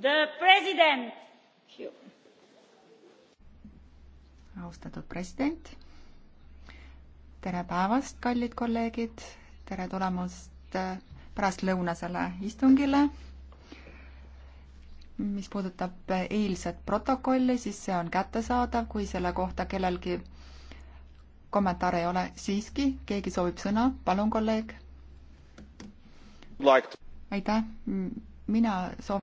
The president. austatud president. tere päevast, kallid kolleegid. tere tulemast äh, pärastlõunasele istungile. mis puudutab äh, eilset protokolli, siis see on kättesaadav, kui selle kohta kellelgi kommentaare ei ole. siiski, keegi soovib sõna, palun, kolleeg. aitäh, mina soovin.